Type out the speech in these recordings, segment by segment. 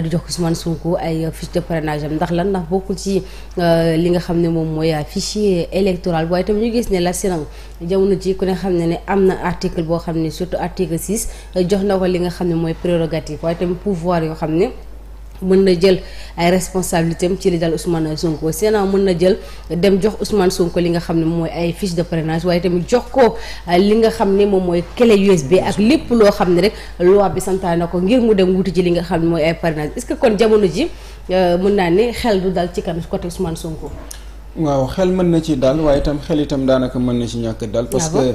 di jox man Sonko ay fiche de parrainage ndax lan ndax bokkul ci euh, li nga xam ne moom mooy fichier électoral waaye itam ñu gis ne la Sénat jamono ji ku ne xam ne ne am na article boo xam ne surtout article 6 euh, jox na ko li nga xam ne mooy prérogative waaye itam pouvoir yoo xam ne mën na jël ay responsabilités am ci li dal Ousmane Sonko Sénat mën na jël dem jox Ousmane Sonko li nga xam ne mooy ay fiche de parrainage waaye tamit jox ko euh, li nga xam ne moom mooy clé USB ak lépp loo xam ne rek loi bi santaane ko ngir mu dem wuti ci li nga xam mooy ay parrainage est que kon jamono ji euh, mën naa ne xel du dal ci kanam côté Ousmane Sonko. waaw xel mën na ci dal waaye tam xel itam daanaka mën na ci ñàkk dal. parce que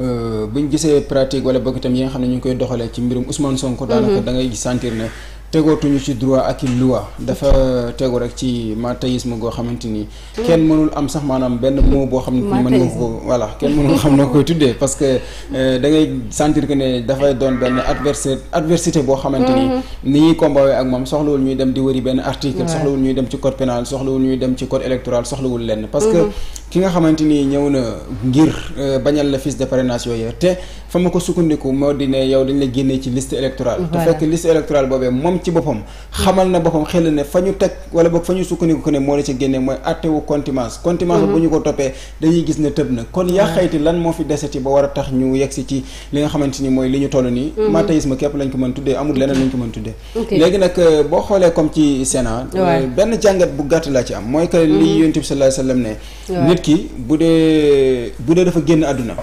euh, buñ gisee pratique wala bëgg yi nga xam ne ñu koy doxalee ci mbirum Ousmane Sonko. daanaka mm-hmm. da ngay sentir ne. tegootuñu ci droit ak i loi dafa tegu rek ci mathéisme goo xamante ni kenn mënul am sax maanaam benn mot boo xam ne mën nga ko voilà kenn mënul xam noo koy tuddee parce que euh, da ngay sentir que ne dafay doon benn adversité adversité boo xamante ni mm-hmm. ni ñuy combattre ak moom soxlawul ñuy dem di wëri benn article soxlawul ñuy dem ci code pénal soxlawul ñuy dem ci code électoral soxlawul lenn parce que mm-hmm. ki nga xamante ni ñëw na ngir euh, bañal la fiche de parrainage yooyu te fa ma ko sukkandiku moo di ne yow dañ la génnee ci liste électorale mm-hmm. te fekk liste électorale moom ci boppam xamal na boppam xel ne fa ñu teg wala boo fa ñu sukkandiku ko ne moo la ca génne mooy attewu contimance contimance mhm. bu ñu ko toppee dañuy gis ne tëb na kon yaa xayti lan moo fi desati ba war a tax ñu yegsi ci li nga xamante ni mooy li ñu toll nii mhm. mathéisme képp lañ ko mën tuddee amul leneen lañ ko mën tuddee léegi nag euh, boo xoolee comme ci Sénat euh, benn jàngat bu gàtt laa ci am mooy que li mhm. yonent bi sallallahu alayhi wasallam ne nit ki bu dee bu dee dafa génn àdduna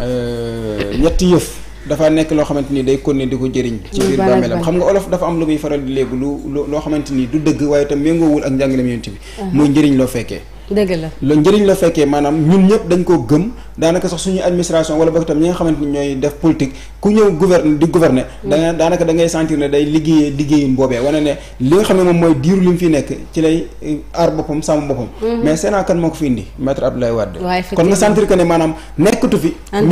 euh, ñetti yëf dafa nekk loo xamante ni day kon ne di ko jëriñ ci biir bàmmeelam xam nga olof dafa am lu muy faral di léegi lu loo xamante ni du dëgg waaye tam itam méngoowul ak njàngaleem yonent bi mooy njëriñ loo fekkee dëgg la la njëriñ la fekkee maanaam ñun ñëpp dañ koo gëm daanaka sax suñu administration wala boog tam ñi nga xamante ni ñooy def politique ku ñëw gouverne di gouverner. Mm. da nga daanaka da ngay sentir ne day liggéeyee liggéeyin boobee wane ne li nga xam ne moom mooy diiru li mu fi nekk ci lay eh, aar boppam sàmm boppam. Mm-hmm. mais Sénat kan moo ko fi indi maître Abdoulaye Wade. kon nga sentir maanaam nekkatu fi. mais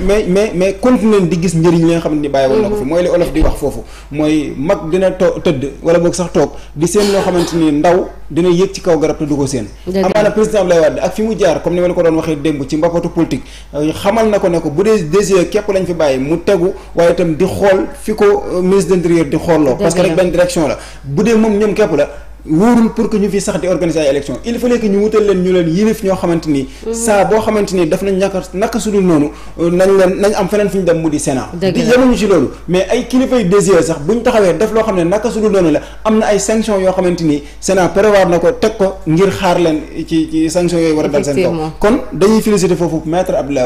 mais mais mais continuer di gis njëriñ li nga xam ne bàyyi woon ko mm-hmm. mooy li olof di wax foofu mooy mag dina too tëdd wala boog sax toog di seen loo xamante ni ndaw dina yéeg ci kaw garab te du ko seen amaana président Abdoulaye Wade ak fi mu jaar comme ni ma la ko doon waxee démb ci mbappatu politique euh, xamal na ko ne ko bu dee DG képp lañ fi bàyyi mu tegu waaye itam di xool fi ko euh, ministre de l'intérieur di xool loo parce que rek benn direction la bu dee moom ñoom képp la wóorul pour que ñu fi sax di organiser ay élections il fallait que ñu wutal leen ñu leen yilif ñoo xamante ni. Mhm. saa boo xamante ni daf nañ ñàkk naka sudul noonu euh, nañ leen nañ am feneen fi ñu dem mu di Sénat. di yemuñu ci loolu mais ay kilifa yu sax bu ñu taxawee def loo xam ne naka sudul noonu la am na ay sanctions yoo xamante ni Sénat prévoir na ko teg ko ngir xaar leen ci ci sanctions yooyu war a dal seen kaw kon dañuy féliciter foofu maître Abdoulaye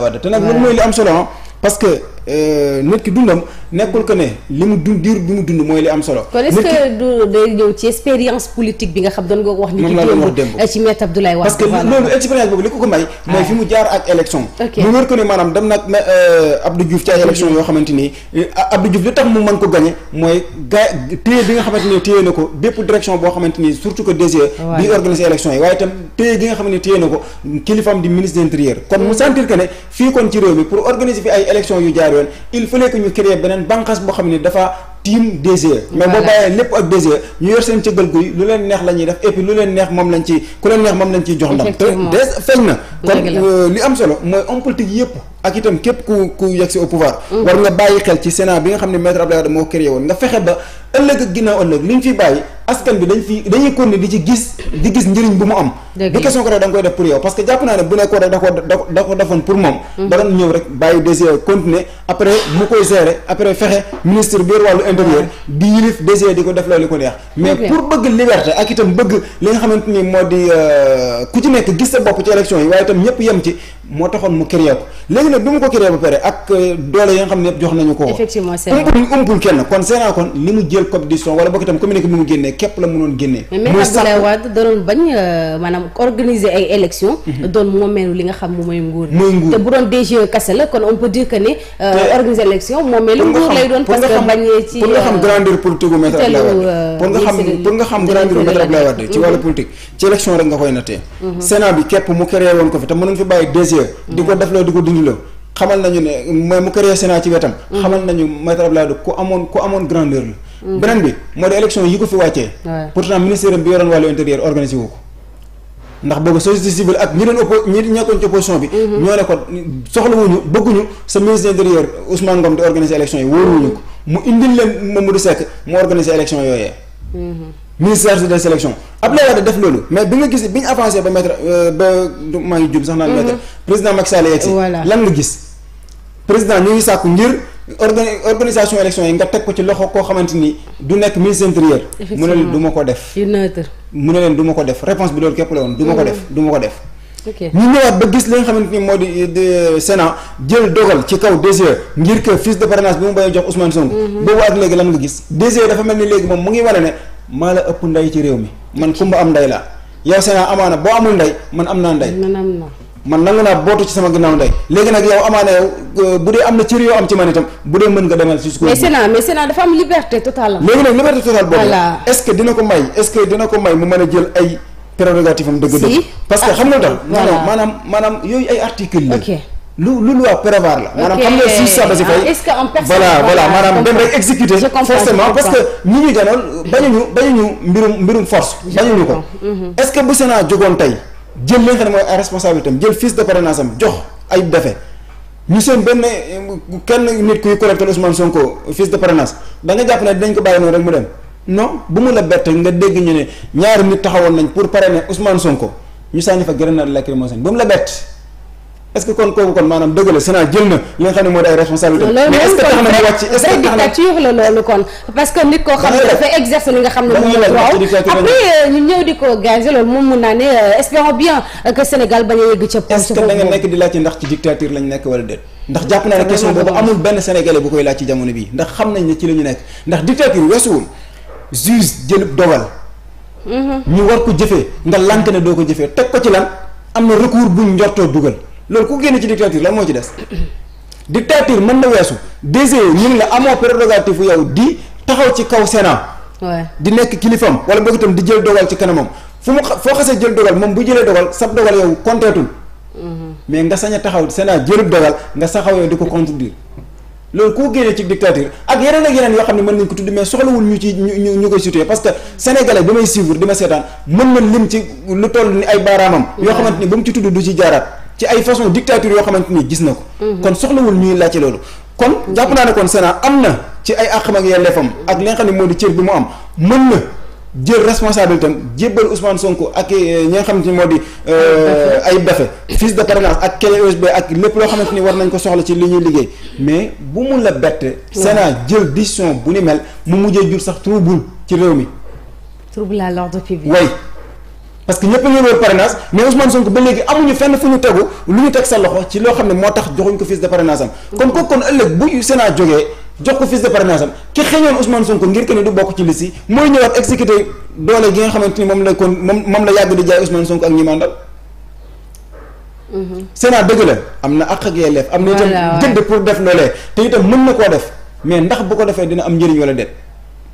ah, que Euh, nit ki dundam nekkul que ne li mu dund diir bi mu dund mooy li am solo. kon est-ce que du day ñëw ci expérience politique bi nga xam doon nga wax. ni ki démb ci maître parce que loolu expérience boobu li ko ko may. Ah. mooy fi mu jaar ak élection. bu wér ko ne maanaam dem nag euh, Abdou Diouf ci ay élection yoo xamante ni euh, Abdou Diouf li tax mu mën ko gagné mooy ga téye bi nga xamante ni téye na ko bépp direction boo xamante ni surtout que DG. bi organiser élection yi waaye itam téye gi nga xamante mm. ne ñaari yoon il fallait que ñu créer beneen bànqaas boo xam ne dafa tiim DGE mais boo bàyyee lépp ak DGE ñu yor seen cëggal guy lu leen neex la ñuy def et lu leen neex moom lañ ci ku leen neex moom lañ ciy jox ndam te des feeñ na kon euh, li am solo mooy homme politique yëpp ak itam képp ku ku yegg si au pouvoir mm. war nga bàyyi xel ci Sénat bi nga xam ne maître Abdoulaye Wade moo créé woon nga fexe ba ëllëg ak ginnaaw ëllëg li ñu fi bàyyi askan bi dañ fi dañuy di ci gis di gis njëriñ bu mu am du question ko rek da nga koy def pour yow parce que jàpp naa ne bu nekkoon da da ko defoon pour moom mm-hmm. da ñëw rek bàyyi DGE continuer di yilif ni euh, mu ko euh, kenn kon seena li mu jël copétition wala bokk itam communiqué bi mu génnee képp la mënoon génnee. génne sax mais Abdoulaye Wade da bañ euh, maanaam organiser ay élections. Mhm. doon moomeelu li nga xam moom mooy nguur. mooy nguur te bu doon DGE kese la kon on peut dire que ne. Euh, organiser élection moomeelu nguur lay doon. parce que bañee ci pour nga xam euh, grandeur politique bu Maître pour nga xam pour nga xam grandeur bu Maître Abdoulaye Wade ci wàllu politique ci élection rek nga koy nattee. Mhm. Sénat bi képp mu créé woon ko fi te mënoon fi bàyyi DGE. di ko mhm. def loo di ko dindi xamal nañu ne mooy mu créé Sénat ci wetam. Mm. xamal nañu maître Abdoulaye Wade ku amoon ku amoon grandeur la. Mm. beneen bi moo di élection yi ko fi wàccee. pourtant ministère bi yoroon wàllu intérieur organisé wu ko. ndax boobu société civile ak ñi doon oppo ñi nekkoon ci opposition bi. Mm-hmm. ñoo ne ko soxlawuñu bëgguñu sa ministre intérieur Ousmane Ngom di organiser élection yi wóoruwuñu ko mu indil leen Mamadou Seck mu organiser élection yooyee. Mm-hmm. ministère des sélections Abdoulaye Wade def loolu mais bi nga gis bi ñu avancé ba maître euh, ba maa ngi jub sax naan maître mhm. président Macky Sall yegg si lan nga gis président ñu ngi sàkku ngir organisation élection yi nga teg ko ci loxo koo xamante ni du nekk ministre intérieur mu ne leen du ma ko def mu ne leen du ma ko def réponse bi loolu képp la woon du ma ko mhm. def du ma ko def ñu ñëwaat ba gis li nga xamante ni moo di euh, Sénat jël dogal ci kaw DGE ngir que fiche de parrainage bi mu bay jox Ousmane mhm. e dafa mel ni léegi moom mu ngi wane ne maa la ëpp ndey ci réew mi man kumba am ndey laa yow seenaa amaana boo amul ndey man am naa ndey man am naa man nangu naa bootu ci sama ginnaaw ndey léegi nag yow amaana yow euh, bu dee am na cër yoo am ci man itam bu dee mën nga demal jusqu'au mais Sénat mais Sénat dafa am liberté totale léegi nag liberté totale boobu est-ce que dina ko may est dina ko may mu mën a jël ay prérogative am dëgg-dëgg parce que xam nga tax ah, maanaam maanaam maanaam yooyu ay article la lu lu loi prévoir la. maanaam xam nga si ça da si fay. est-ce que en personne voilà voilà maanaam parce que ñi ñu janoon bañuñu bañuñu mbirum mbirum force. bañuñu ko mhm. est-ce que bu Sénat jógoon tey jël li nga xam ne mooy ay responsabilité am jël fiche de parrainage am jox ay defee ñu seen benn kenn nit kuy collecté Ousmane Sonko fiche de parrainage da nga jàpp ne dinañ ko bàyyi noonu rek mu dem non bu mu la bett nga dégg ñu ne ñaari nit taxawoon nañ pour parrainer Ousmane Sonko ñu sànni fa grenade lacrymogène la bett. est-ce kon kooku kon maanaam dëgg la jël na li xam ne moo di responsabilité loolu kon parce que nit koo xam ne dafay exercer li nga xam ne moom la waaw après euh, ñu ñëw ne euh, a yëgg nga nekk di laaj ndax ci dictature lañ nekk wala déet ndax jàpp naa ne question boobu amul benn sénégalais bu koy laaj ci jamono bii ndax xam nañ ci la nekk ndax dictature weesuwul juge jëlub dogal mhm. ñu war ko jëfe nga lank ne doo ko jëfee teg ko ci lan am na recours buñ njortoo dugal loolu ku génn ci dictature la moo ci des dictature mën na weesu DG ñu ngi la amoo prérogative yow di taxaw ci kaw Sénat. di nekk kilifam wala boog itam di jël dogal ci kanamam fu mu foo xasee jël dogal moom bu jëlee dogal sab dogal yow konteetul. Mm-hmm. mais nga sañ a taxaw Sénat jëlub dogal nga saxaw yow di ko contredire. loolu koo génnee ci dictature ak yeneen ak yeneen yoo xam ne mën nañ ko tudd mais soxlawul ñu ci ñu ñu koy situé parce que sénégalais bi may suivre mën na lim ci ay baaraamam. yoo xamante ni ba mu ci tudd du ci jaaraat. ci ay façon dictature yoo xamante ni gis na ko. Mhm. kon soxlawul ñuy laajte loolu. kon mhm. jàpp naa ne kon Sénat am na ci ay àqam ak yelleefam mhm. ak li nga xam moo di bi mu am mën na jël responsabilité am jébbal Ousmane ak eh, ñi nga xamante ni moo di ay defe eh, fiche de parrainage ak clé USB ak lépp loo xamante ni war nañ ko soxla ci li ñuy liggéey mais bu mu la bett sena jël décision bu ni mel mu mujjee jur sax trouble ci réew mi trouble à l'ordre public way parce que ñëpp ñoo wër parrainage mais Ousmane Sonko ba léegi amuñu fenn fu ñu tegu lu ñu teg sa loxo ci loo xam ne moo tax joxuñ ko fiche de parrainage am. kon kooku kon ëllëg bu Sénat jógee jox ko fiche de parrainage am ki xëñoon Ousmane Sonko ngir que ne du bokk ci liste yi mooy ñëwaat exécuté doole gi nga xamante ni moom la kon moom moom la yàgg di jaay Ousmane Sonko ak ñi mandal mm-hmm. Sénat dëgg la am na àq ak yelleef am na itam gëdd pour def loolee te itam mën na koo def mais ndax bu ko defee dina am njëriñ wala déet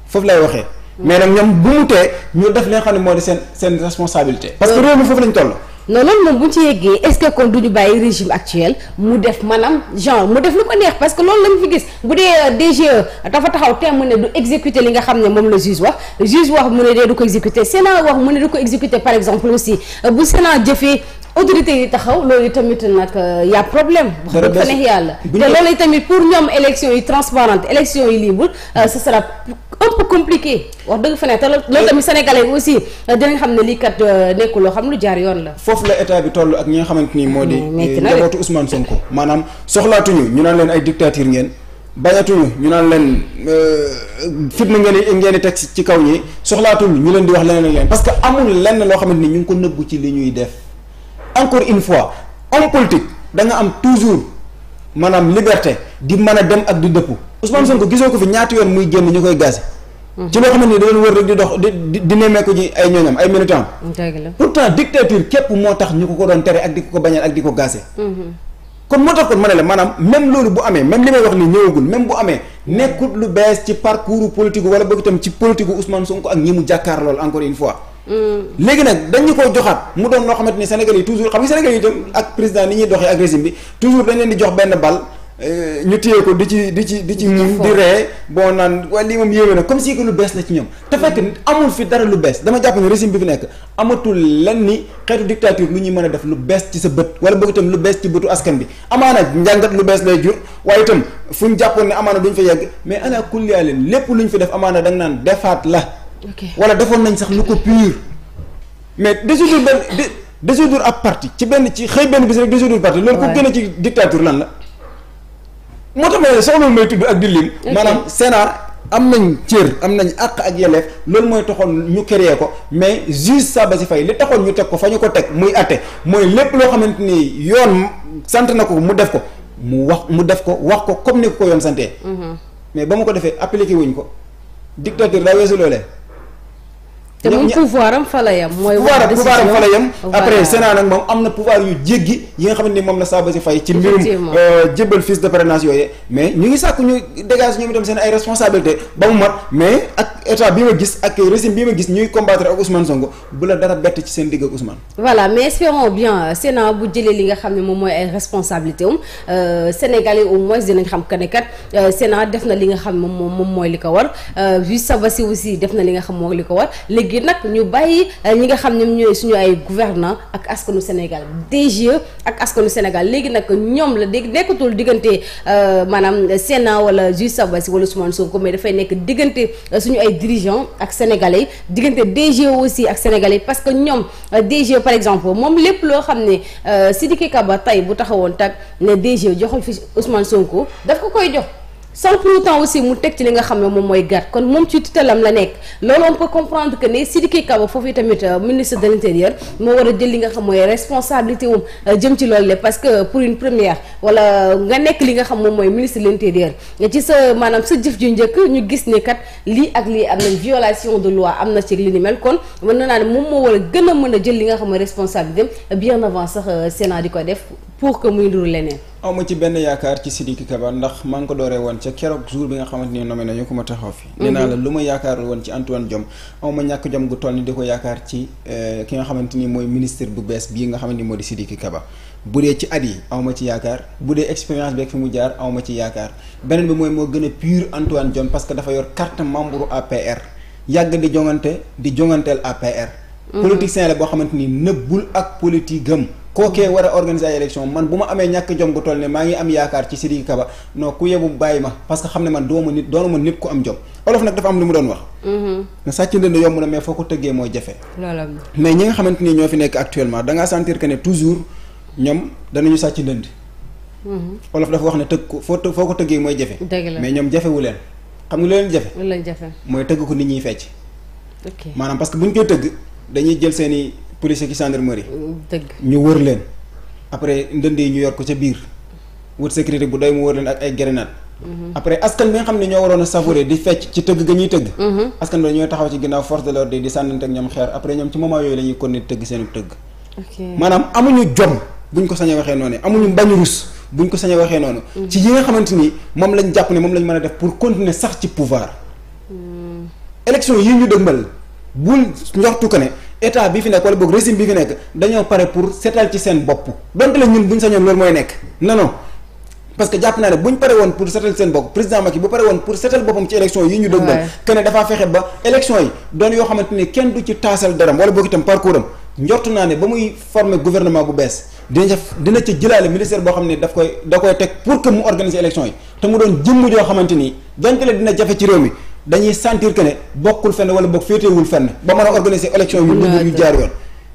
foofu lay waxee mais nag ñoom bu mu tee ñu def leen nga xam ne moo di seen seen responsabilité. parce que réew mi foofu lañ toll. non loolu moom bu ñu ci yeggee est-ce que kon du ñu bàyyi régime actuel mu def maanaam genre mu def lu ko neex parce que loolu lañ fi gis bu dee euh, DGE dafa taxaw temm ne du exécuter li nga xam ne moom la juge wax juge wax mu ne dee du ko exécuter Sénat wax mu ne du ko exécuter par exemple aussi euh, bu Sénat jëfee autorité yi taxaw loolu tamit nag euh, y'a problème wax dëgg fa neex yàlla te loolu tamit yi transparente élection yi libre ce sera un peu compliqué wax dëgg fa ne te loolu tamit sénégalais yi aussi dinañ xam ne lii kat euh, nekkul loo xam lu jaar yoon la. foofu la état bi toll ak ñi nga xamante ni moo di. Hmm, njabootu Ousmane ko maanaam soxlaatuñu ñu naan leen ay dictature ngeen. bañatuñu ñu naan leen euh, fitna ngeen ngeen di teg ci kaw ñi soxlaatuñu ñu leen di wax leneen leen parce que amul lenn loo xamante ni ñu ngi ko nëbbu ci li ñuy def encore une fois homme politique da am toujours. maanaam liberté di mën a dem ak du dëpp Ousmane Sonko gisoo ko fi ñaati yoon muy génn ñu koy gaze mhm. ci loo xamante ni da doon wër di dox di di nemmeeku ji ay ñooñam ay militants pourtant dictature képp moo tax ñu ko doon tere ak di ko bañal ak di ko gaze mhm. kon moo tax kon ma la maanaam même loolu bu amee même li may wax ni ñëwagul même bu amee nekkut lu bees ci parcours politique wala boog itam ci politique Ousmane Sonko ak ñi mu jàkkaar loolu encore léegi nag dañu ko joxaat mu doon loo xamante ni Sénégal yi toujours xam nga Sénégal yi itam ak président ni ñuy doxee ak régime bi toujours dañ leen di jox benn bal euh, ñu téye ko di ci di ci di ci ñun di ree bon naan waaye lii moom yéeme na comme si que lu bees la ci ñoom te fekk amul fi dara lu bees dama jàpp ne régime bi fi nekk amatul lenn ni xeetu dictature lu ñuy mën a def lu bees ci sa bët wala boog lu bees ci bëtu askan bi amaana njàngat lu bees lay jur waaye itam fu ñu jàppoon ne amaana duñ fa yegg mais ala kulli leen lépp lu ñu fi def amaana da naan defaat la wala defoon nañ sax lu ko pur mais dissoudre benn dissoudre ab parti ci benn ci xëy benn bis rek dissoudre parti loolu ko gën a ci dictature lan la moo tax ma ne soxla may tudd ak di lim maanaam Sénat am nañ cër am nañ àq ak yelleef loolu mooy taxoon ñu créé ko mais juge Sabassy fay li taxoon ñu teg ko fa ñu ko teg muy àtte mooy lépp loo xamante ni yoon sant na ko mu def ko mu wax mu def ko wax ko comme ni ko ko yoon santee mhm. mais ba mu ko defee appliqué wuñ ko dictature daa weesu loolee te pouvoir am fa la mooy pouvoir pouvoir am fa la après Sénat nag moom am na pouvoir yu jéggi yi nga xamante ni moom la Saba si fay. ci mbirum euh, jébbal fils de parrainage yooyu mais ñu ngi sàkk ñu dégage ñoom itam seen ay responsabilité bi ma ak régime bi ma gis ñuy combattre ak Ousmane Sonko bu la dara bett ci seen digg ak Ousmane. voilà mais euh, li nga xam ne moom mooy ay responsabilité am euh, Sénégalais au moins dinañ xam que ne kat Sénat def na li nga xam moom moom mooy li ko war vu Saba si aussi def na li nga xam moom li ko war léegi léegi nag ñu bàyyi euh, ñi nga xam ñoom ñooy suñu ay gouvernant ak askanu Sénégal DGE ak askanu Sénégal léegi nag ñoom la dégg nekkatul diggante euh, maanaam Sénat wala juge Sabassy wala Ousmane Sonko mais dafay nekk diggante euh, suñu ay dirigeants ak sénégalais diggante DGE aussi ak sénégalais parce que ñoom DGE par exemple moom lépp loo xam ne si Sidiki Kaba tey bu taxawoon tag ne DGE joxul fi Ousmane Sonko daf ko koy jox. sans pour autant aussi mu teg ci li nga xam ne moom mooy gar kon moom ci tutelam la nekk loolu on peut comprendre que ne Sidiki Kaba foofu tamit euh, ministre de l'intérieur moo war a jël li nga xam mooy responsabilité wum euh, jëm ci loolu la parce que pour une première wala nga nekk li nga xam moom mooy ministre de l'intérieur ci sa maanaam sa jëf ju njëkk ñu gis ni kat lii ak lii am nañ violation de loi am na ci li ni mel kon mën na naa ne moom moo war a gën mën a jël li nga xam mooy responsabilité euh, bien avant sax Sénat di ko def pour que muy ndur leneen. awma ci benn yaakaar ci Sidiki Kaba ndax maa ngi ko dooree woon ca keroog jour bi nga xamante ni nommé nañu ko ma taxaw fi mhm. nee la lu ma yaakaarul woon ci Antoine Diome awma ñàkk jom gu toll ni di ko yaakaar ci eh, ki nga xamante ni mooy ministre bu bees bii nga xamante ni moo di Sidiki Kaba bu dee ci at yi awma ci yaakaar bu dee expérience bi ak fi mu jaar awma ci yaakaar beneen bi mooy moo gën a pur Antoine Diome parce que dafa yor carte membre APR yàgg di jongante di jonganteel APR mhm. politicien boo xamante ni nëbbul ak politique gëm kookee war a organiser ay élection man bu ma amee ñàkk jom gu toll ne maa ngi am yaakaar ci Sidiki Kaba non ku yebu bàyyi ma parce xam ne man dooma nit doonuma nit ku am jom olof nag dafa am lu mu doon wax mm-hmm. na sàcc ndënd yomb na mais foo ko tëggee mooy jafe mais ñi nga mm-hmm. ñoom jafewu leen xam nga lu leen jafe mooy tëgg ko nit ñiy fecc maanaam parce bu ñu koy tëgg dañuy jël seeni police ak gendarmerie. dëgg ñu wër leen. après ndënd yi ñu yor ko ca biir wut sécurité bu doy mu wër leen ak ay grenade mhm. après askan bi nga xam ne ñoo waroon a savourer di fecc ci tëgg ga ñuy tëgg. Mhm. askan bi ñooy taxaw ci ginnaaw force de l'ordre di sànnante ak ñoom xeer après ñoom ci moment yooyu la ñuy continuer tëgg seen tëgg. maanaam amuñu jom buñ ko sañ a waxee noonu amuñu mbañu rus buñ ko sañ a waxee noonu. Mhm. ci yi nga xamante ni moom lañ jàpp ne moom lañ mën a état bi fi nekk wala boog régime bi fi nekk dañoo pare pour seetal ci seen bopp donte la ñun buñ sañoon loolu mooy nekk non non parce que jàpp naa ne buñ pare woon pour seetal seen bopp président Macky bu pare woon pour seetal boppam ci élection yi ñu dëgmal que ne dafaa fexe ba élection yi doon yoo xamante ni kenn du ci taasal daram wala boog itam parcours am njort naa ne ba muy former gouvernement bu bees dina ca dina ca jëlaale ministère boo xam ne daf koy da koy teg pour que mu organiser élection yi te mu doon jëmm joo xamante ni donte dina jafe ci réew mi dañuy sentir que ne bokkul fenn wala boog féetewul fenn ba mën a organiser élection yu dëgg yu jaar yoon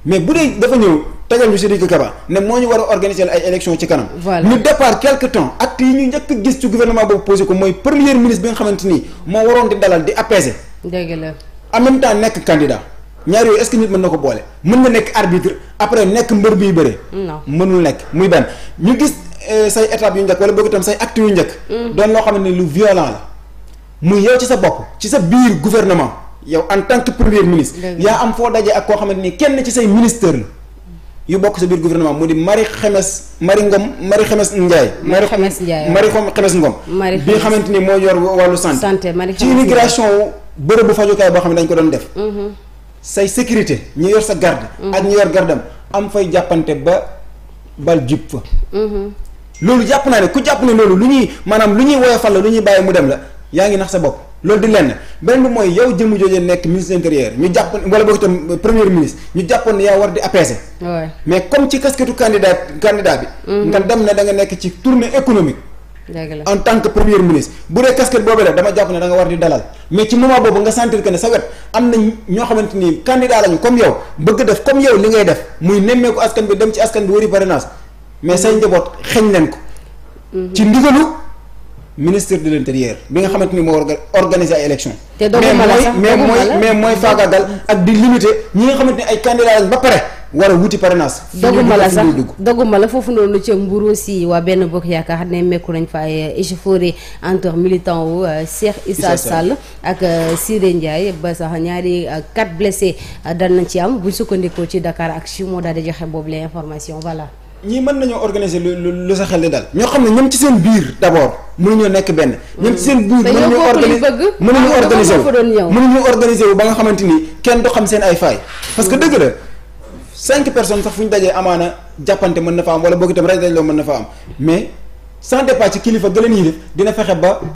mais bu dee dafa ñëw tegal ñu Sidiki Kaba ne moo ñu war a organiser ay élection ci kanam ñu départ quelque temps acte yi ñu njëkk gis ci gouvernement boobu posé ko mooy premier ministre bi nga xamante nii moo waroon di dalal di apaiser dëgg la en nekk candidat ñaar yooyu est nit mën na ko boole mën nga nekk arbitre après nekk mbër biy bëree mënul nekk muy benn ñu gis euh, say étapes yu njëkk wala boog itam say acte yu njëkk mm. doon loo xam ne lu violent la muy yow ci sa bopp ci sa biir gouvernement yow en tant que premier yaa am foo dajee ak koo xamante ni kenn ci say ministère la. yu bokk sa biir gouvernement mu di Marie Xemes Marie Ngom Marie Xemes Ndiaye. Marie Xemes Ndiaye Marie Xemes Ngom. Marie bi nga xamante ni moo yor wàllu santé. santé Marie ci immigration bu fajukaay boo xam ne dañ ko doon def. Mm-hmm. say sécurité ñu yor sa garde. Mm-hmm. ak ñi yor gardem am fay jàppante ba bal jub fa. Mm-hmm. loolu jàpp naa ne ku jàpp ne loolu lu ñuy maanaam lu ñuy woyofal la lu ñuy bàyyi mu dem la. yaa ngi nax sa bopp loolu di lenn beneen bi mooy yow jëmm jooju nekk ministre intérieur ñu jàppoon wala boog itam premier ministre ñu jàppoon ne yaa war di apaiser. mais comme ci kasketu candidat candidat bi. Mm-hmm. nga dem ne da nga nekk ci tournée économique. en tant que premier ministre bu dee casquette boobu la dama jàpp ne da nga war di dalal mais ci moment boobu nga sentir que ne sa wet am na ñoo xamante ni candidat lañu comme yow bëgg def comme yow li ngay def muy nemmeeku askan bi dem ci askan bi wëri parrainage mais say njaboot xeñ leen ko. Mm-hmm. ci ndigalu. ministre de l'intérieur bi nga xamante ni moo war organiser ay élections. te mais mooy mais mooy ak di limiter ñi nga xamante ni ay candidats lañ ba pare a wuti parrainage. doguma la sax doguma la foofu noonu ci Mbour si waa benn bokk yaakaar ne mekku nañ fa ay échauffourée entre militant wu euh, Cheikh Issa Sall ak euh, si Ndiaye ba sax ñaari euh, quatre blessés dal nañ ci am bu sukkandikoo ci dakaar ak Chine moo daal di joxe boobu la information voilà. ñii mën nañoo organiser lu lu sa xel di dal. ñoo xam ne ñoom ci seen biir d'abord ñoo nekk benn. ñoom ci seen biir mënuñu organiser mënuñu organiser wu mënuñu organiser wu ba nga xamante ni kenn du xam seen ay faay. parce que mm. dëgg la cinq personnes sax fu ñu dajee amaana jàppante mën na fa am wala boo itam rek raj loo mën na fa am mais sans départ kilifa gën a dina fexe ba.